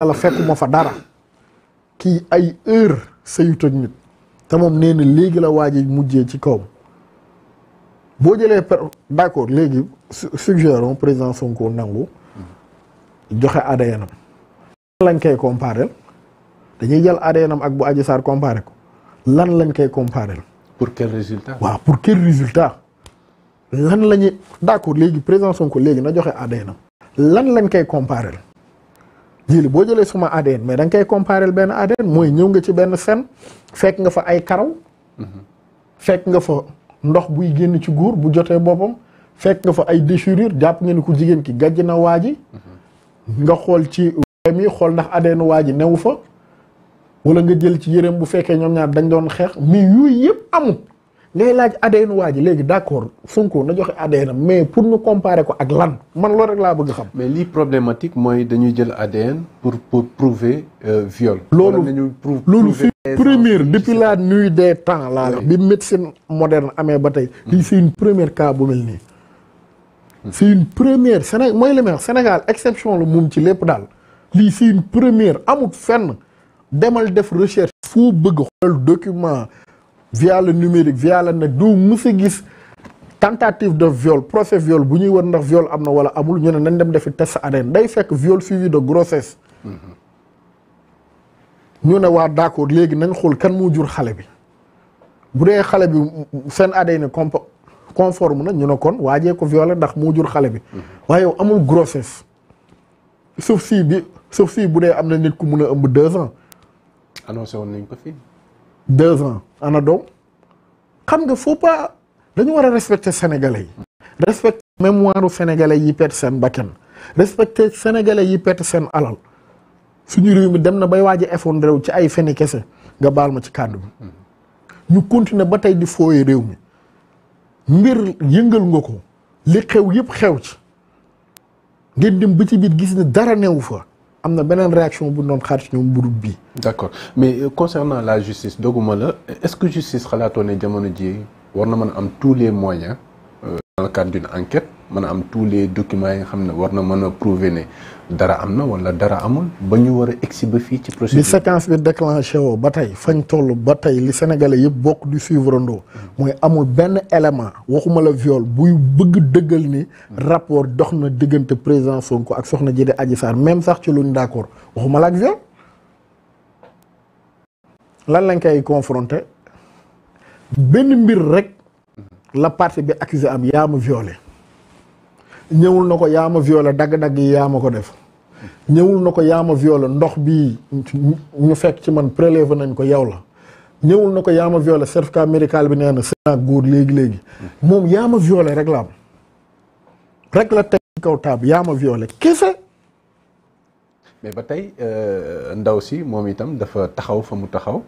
yàlla fekkuma fa dara kii ay heure sëyut te moom nee léegi la waaji mujjee ci kawam boo jëlee d' accord léegi suggérons président Sonko nangu joxe ADN am lañ koy comparé dañuy jël ADN ak bu Adji Sarr comparé ko lan lañ koy comparé pour quel résultat waaw pour quel résultat lan la ñuy d' léegi président Sonko léegi na joxe ADN am lan lañ koy comparé jili boo jëlee suma ADN mais da nga koy comparé benn ADN mooy ñëw nga ci benn fen fekk nga fa ay karaw fekk nga fa ndox buy génn ci góor bu jotee boppam fekk nga fa ay déchirure jàpp nga ni ku jigéen ki gajj na waa ji nga xool ci mi xool ndax ADN waa ji newu fa wala nga jël ci yërëm bu fekkee ñoom ñaar dañ doon xeex mais yooyu yëpp amul ngay laaj ADN waa ji léegi d' accord Sonko na joxe ADN mais pour ñu comparer ko ak lan man loolu rek laa bëgg xam. mais lii problématique mooy dañuy jël ADN pour pour prouver euh, viol. loolu loolu fi première depuis la nuit des temps laa la bi médecine moderne amee ba tey. Hmm. lii c' une première cas bu mel nii. Hmm. c' est une première Séné mooy li Sénégal exception la moom ci lépp daal lii c' une première amut fenn demal def recherche. foo bëgg xool document. via le numérique via le nag doo mës a gis tentative de viol procès viol bu ñuy war ndax viole am na wala amul ñu ne nañ dem defi test ADN day fekk viol suivi de grossesse. Mm-hmm. ñu ne waa d'accord léegi nañ xool kan moo jur xale bi bu dee xale bi seen ADN compo conforme na ñu ne kon waajee ko violé ndax mu jur xale bi. Mm-hmm. waaye amul grossesse. sauf si bi sauf si bu dee am na nit ku mun a ëmb deux ans. woon nañ ko fii. deux ans ana doom xam nga faut pas dañu war a respecter sénégalais yi. respecter mémoire sénégalais yi perte seen bakkan respecter sénégalais yi perte seen alal suñu réew mi dem na bay waaj a effondré wu ci ay feni kese nga baal ma ci kàddu bi ñu continuer ba tey di fooye réew mi mbir yëngal nga ko li xew yëpp xew ci ngeen dem ba ci biit gis ne dara newu fa. am na beneen réaction bu doon xaar ci ñoom budub bii. d'accord mais euh, concernant la justice doguma la est-ce que justice xalaatoo ne jamono ji war na man a am tous les moyens. dans le cadre d'une enquête mën a am tous les documents yi nga xam ne war na mën a prouver ne dara am na wala dara amul ba ñu war a egsi ba fii ci procédure bi séquence bi déclenché woo ba tey fañ toll ba tey li sénégalais yëpp bokk di suivre ndoo mooy amul benn élément waxuma la viol buy bëgg dëggal ni rapport dox na diggante président Sonko ak soxna ji di Adji Sarr même sax ci luñ d'accord waxuma la ak viol lan lañ koy confronté benn mbir rek la partie bi accusé am yaa ma ñëwul na ko yaa ma violé dagg-dagg yi yaa ma ko def ñëwul na ko yaa ma violé ndox bii ñu fekk ci man prélevé nañ ko yow la ñëwul na ko yaa ma violé certificat médical bi nee na seen ak góor léegi-léegi moom yaa ma violé rek la am rek la teg kaw taab yaa ma violé kese mais ba tey euh, ndaw si moom itam dafa taxaw fa mu taxaw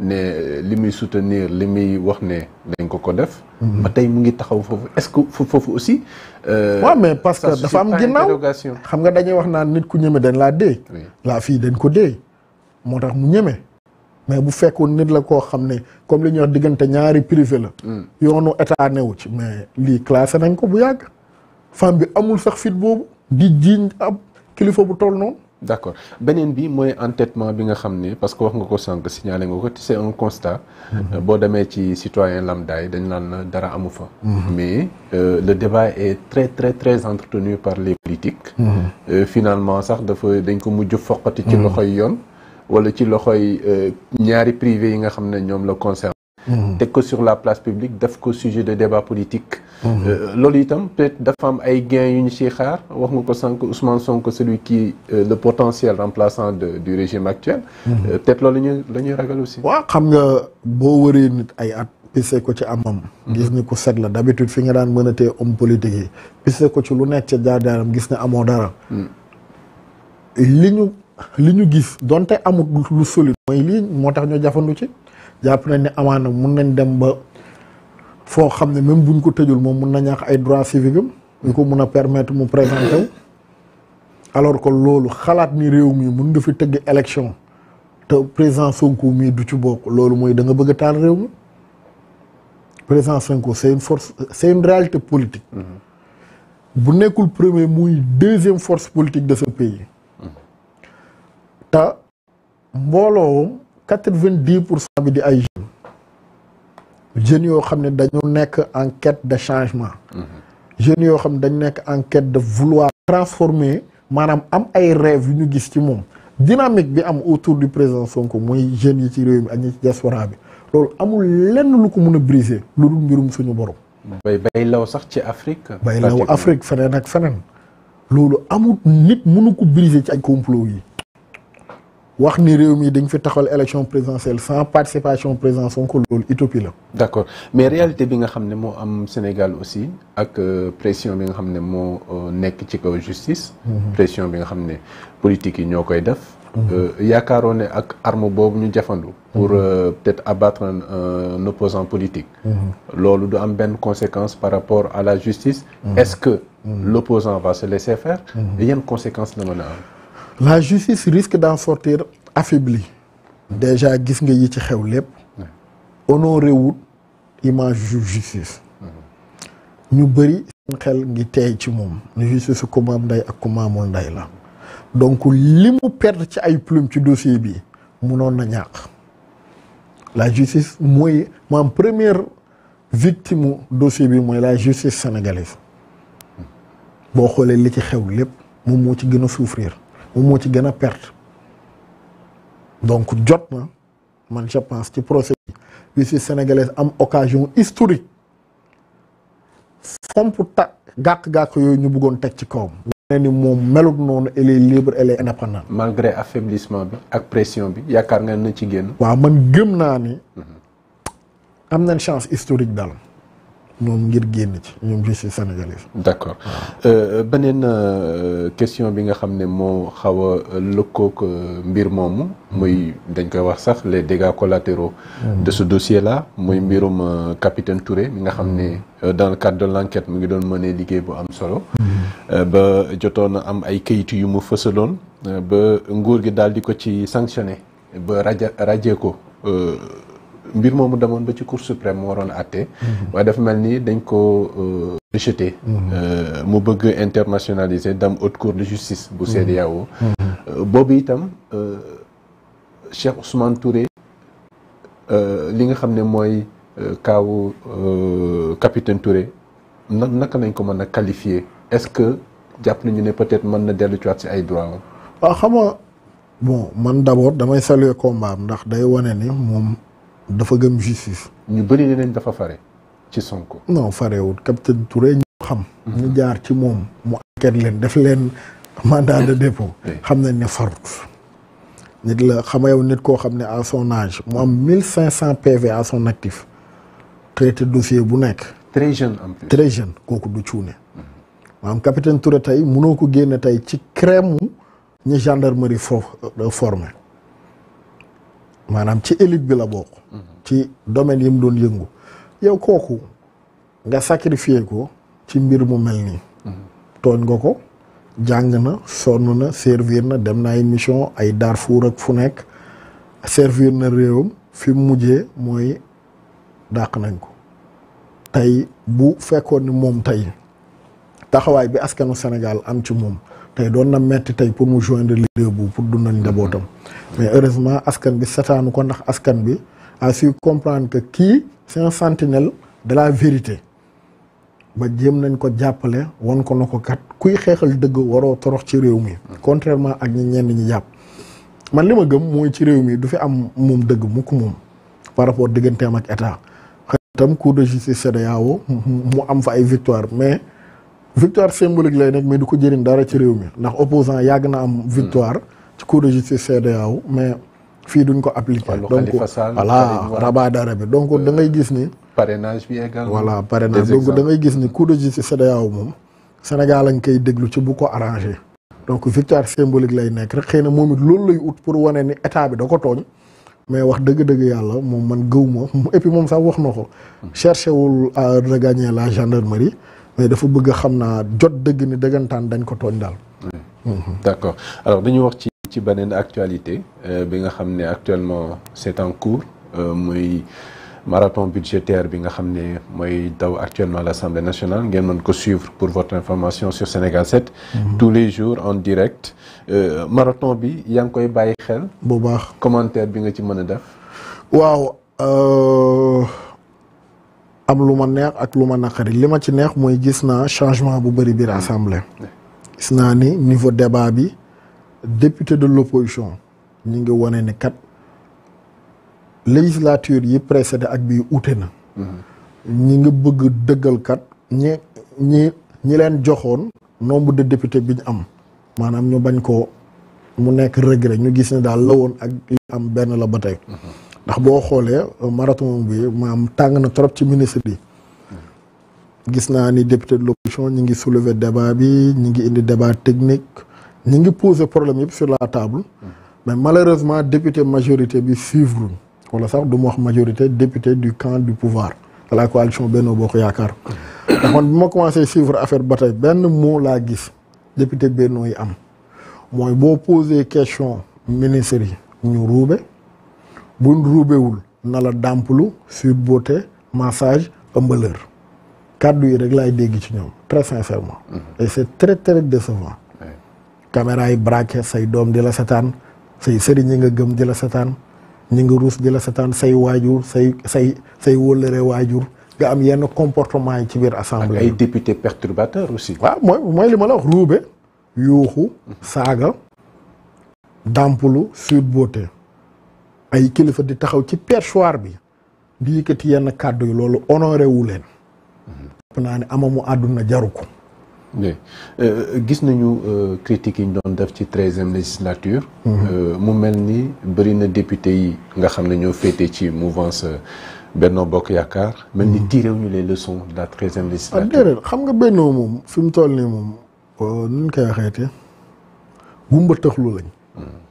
ne li muy soutenir li muy wax ne dañ ko ko def. Mhm. ba tey mu ngi taxaw foofu est-ce que foofu aussi. waaw euh, mais parce que dafa am ginnaaw xam nga dañuy wax naan nit ku ñeme dañ laa dee. laa fii dañ ko dee moo tax mu ñeme. mais bu fekkoon nit la koo xam ne comme li ñu wax diggante ñaari privé la. Hmm. yoonu état newu ci mais lii classé nañ ko bu yàgg. femme bi amul sax fit boobu di jiiñ ab kilifa bu toll noonu. d' accord beneen bi mooy entêtement bi nga xam ne parce que wax nga ko sànq signalé nga ko c' est un constat. Mm-hmm. boo demee ci citoyen lambda yi dañ naan dara amu fa. Mm-hmm. mais euh, le débat est très très très entretenu par les politiques. Mm -hmm. euh, finalement sax dafa dañ ko mujj foqati. ci mm-hmm. loxoy yoon wala ci loxoy euh, ñaari privé yi nga xam ne ñoom la concerne. Mm-hmm. teg ko sur la place publique def ko sujet de débat politique. Mm-hmm. Euh, loolu itam peut-être dafa am ay gains yu ñu si xaar wax nga ko sànq Ousmane Sonko celui qui euh, le potentiel remplaçant de du régime actuel. Mm-hmm. Euh, peut-être loolu la ñuy la ñuy ragal aussi. waaw xam nga boo wëree nit ay at. pisse ko ci amam. gis ni ku set la d'habitude fi nga daan mën a tee homme politique yi pisse ko ci lu nekk ca jaar gis ne amoo dara. li ñu li ñu gis donte amul lu solide. mooy lii moo tax ñu jafandu ci. jàpp nañ ne amaana mun nañ dem ba foo xam ne même buñ ko tëjul moom mun na ñàkk ay droit civique am ko mun a permettre mu présenter wu alors que loolu xalaat ni réew mii mun nga fi tëgg élection te président Sonko mii du ci bokk loolu mooy da nga bëgg a taal réew mi président Sonko c'est force c'est réalité politique mm-hmm. bu nekkul premier muy deuxième force politique de ce pays mm-hmm. te mbooloo quatre-vingt-dix pour cent di ay jeunes jeunes yoo xam ne dañu nekk en quête de changement mm-hmm. jeunes yoo xam ne dañu nekk en de vouloir transformer maanaam am ay rêves yu ñu gis ci moom dynamique bi am autour du président Sonko muy jeunes yi ci réew mi ak ñi ci diaspora bi loolu amul lenn lu ko mun a briser lu dul mbirum suñu borom bay bay law sax ci Afrique bay law Afrique feneen ak feneen loolu amul nit mënu ko briser ci ay complot yi wax ni réew mi dañ fi taxal élection présidentielle sans participation président Sonko loolu utopie la. d' accord mais réalité bi nga xam ne moo am Sénégal aussi ak euh, pression bi nga xam ne moo euh, nekk ci kaw justice. Mhm. pression bi nga xam ne politique yi ñoo koy def. Mhm. Euh, yaakaaroon ne ak arme boobu ñu jafandu. pour mhm. peut-être abattre un opposant politique. loolu du am benn conséquence par rapport à la justice. est-ce que l'opposant va se laisser faire. conséquence la la justice risque d'en sortir affaiblie déjà gis nga yi ci xew lépp honoré wut image justice mm-hmm. ñu bëri seen xel ngi teey ci moom ne justice ku am ndey ak ku ma amul ndey la donc li mu ci ay plum ci dossier bi munoon na ñàkk la justice mooy ma première victime dossier bi mooy la justice sénégalaise mm. boo xoolee li ci xew lépp moom moo ci gën a suufrir moom moo ci gën a perte donc jot na man je pense ci procès bi justice sénégalaise am occasion historique fomp ta gàkk-gàkk yooyu ñu buggoon teg ci kawam. nee ni moom melut noonu elle est libre elle est indépendante. malgré affaiblissement bi ak pression bi yaakaar nga na ci génn. waaw man gëm naa ni am nañ chance historique daal. moom ngir génn ci ñoom justice sénégalaise. d' accord euh, beneen euh, question bi nga xam ne moo xaw a lëkkoog euh, mbir moomu. muy mm-hmm. dañ koy wax sax les dégâts collatéraux. Mm-hmm. de ce dossier là muy mm-hmm. mbirum capitaine Touré bi nga xam ne dans le cadre de l' enquête mu ngi doon mënee liggéey bu am solo. ba jotoon na am ay kayitu yu mu fësaloon. ba nguur gi daal di ko ci sanctionné ba raja rajee ko. mbir moomu demoon ba ci cour suprême mu waroon àtte mhm. waaye dafa mel nii dañ ko euh, rejeté mhm. euh, mu bëgg internationaliser dam haute cour de justice bu mhm. CEDEAO euh, boobu itam Cheikh Ousmane Touré li nga xam ne mooy kaawu capitaine toure nan naka lañ ko mën a qualifier est-ce que jàpp nañu ne peut-être mën na dellu ci si ay droit waaw xam nga bon man d'abord damay saluer combat ndax day wane ni moom dafa gëm justice. ñu bëri ne nañ dafa fare ci Sonko. non farewul capitaine Touré ñu xam. Mhm. ñu jaar ci moom mu enquête leen def leen mandat de dépôt. xam na ne farut. nit la xama yow nit koo xam ne à son mu am mille cinq cent PV à son actif traité dossier bu nekk. très jeune en plus kooku du cuune. Mhm. maanaam capitaine Touré tey munoo ko génne tey ci crème ñi gendarmerie fo euh, formé. maanaam ci élite bi la bokk. ci domaine yi mu doon yëngu. yow kooku nga sacrifier ko ci mbir mu mel nii. tooñ nga ko jàng na sonn na servir na dem na ay mission ay Darfour ak fu nekk servir na réewam fi mu mujjee mooy dàq nañ ko. tey bu fekkoon ni moom tey taxawaay bi askanu Sénégal am ci moom tey doon na metti tey pour mu joindre leader bu pour dundal mhm. njabootam mais heureusement askan bi sataanu ko ndax askan bi a su comprendre que kii c'est un sentinelle de la vérité ba jéem nañ ko jàppale wan ko na ko kat kuy xeexal dëgg waroo torox ci réew mi mhm. contrairement ak ñi ñenn ñi jàpp man li ma gëm mooy ci réew mi du fi am moom dëgg mukk moom par rapport digganteem ak état xëy tam cour de justice mu am fa ay victoire mais victoire symbolique lay nekk mais du ko jëriñ dara ci réew mi ndax opposant yàgg na am hmm. victoire ci cour de justice mais fii duñ ko appliqué donc voilà rabat d'arrêt bi donc euh, da ngay gis ni parrainage bi également voilà parrainage da ngay gis ni cour de justice moom Sénégal lañ koy déglu ci bu ko arrangé donc victoire symbolique lay nekk rek xëy na moom it loolu lay ut pour wane ni état bi da ko tooñ mais wax dëgg-dëgg yàlla moom man gëw ma et puis moom sax wax na ko hmm. cherché wul à regagner la gendarmerie mais dafa bëgg xam naa jot dëgg ni dëggantaan dañ ko tooñ daal. d'accord alors dañu wax ci ci beneen actualité euh, bi nga xam ne actuellement c'est en cours euh, muy marathon budgétaire bi nga xam ne mooy daw actuellement à l'Assemblée nationale ngeen mën ko suivre pour votre information sur Sénégal 7. Mm-hmm. tous les jours en direct euh, marathon bi yaa ngi koy bàyyi xel. bu baax commentaire bi nga ci mën a def. waaw. am lu ma neex ak lu ma naqari li ma ci neex mooy gis naa changement bu bëri biir hmm. assemblée. Hmm. gis naa ni niveau débat bi député de l'opposition ñu ngi wane ni kat législature yi précédé ak bii ute na. Hmm. ñi ngi bëgg dëggal kat ñi ñi ñi leen joxoon nombre de député bi ñu am maanaam ñu bañ ko mu nekk regret ñu gis ne daal la woon ak am benn la ba tey. ndax boo xoolee euh, marathon bi maam tàng na trop ci ministre yi gis naa ni député de l'opposition ñi ngi soulever débat bi ñi ngi indi débat technique ñi ngi poser problème yëpp sur la table mais malheureusement député majorité bi suivre wala sax du ma wax majorité député du camp du pouvoir de la coalition Benno Bokk Yaakaar ndax man bi ma commencé suivre affaire ba benn mot laa gis député Benno yi am mooy boo poser question ministre yi ñu ruube buñ ruubewul na la dàmpalu sur beauté massage ëmbaleur kàddu yi rek laay dégg ci ñoom très sincèrement mhm. et c' est très très décevant caméra yi braqué say doom di la setaan say sëriñ yi nga gëm di la setaan ñi ruus di la setaan say waajur say say say wóllëre waajur nga am yenn comportement yi ci biir assemblée ay député perturbateur aussi waaw mooy mooy li ma la wax ruube yuuxu mhm. saaga dàmplu sur beauté ay kilifa di taxaw ci perchoir bi di yëkkati yenn kàddu yi loolu honoré wu leen. naa ne amamu àdduna jaru ko. Euh, gis nañu euh, critiques yi ñu doon def ci treizième législature. Mhm. Euh, mu mel ni bëri na député yi nga xam ne ñoo féete ci mouvance Benno Bokk Yaakaar. mel ni mhm. tiré wu ñu les leçons de la treizième ah, législature. xam nga Benno moom fi mu toll nii moom. nu ñu koy waxeete gumba tëxlu lañ. Hmm.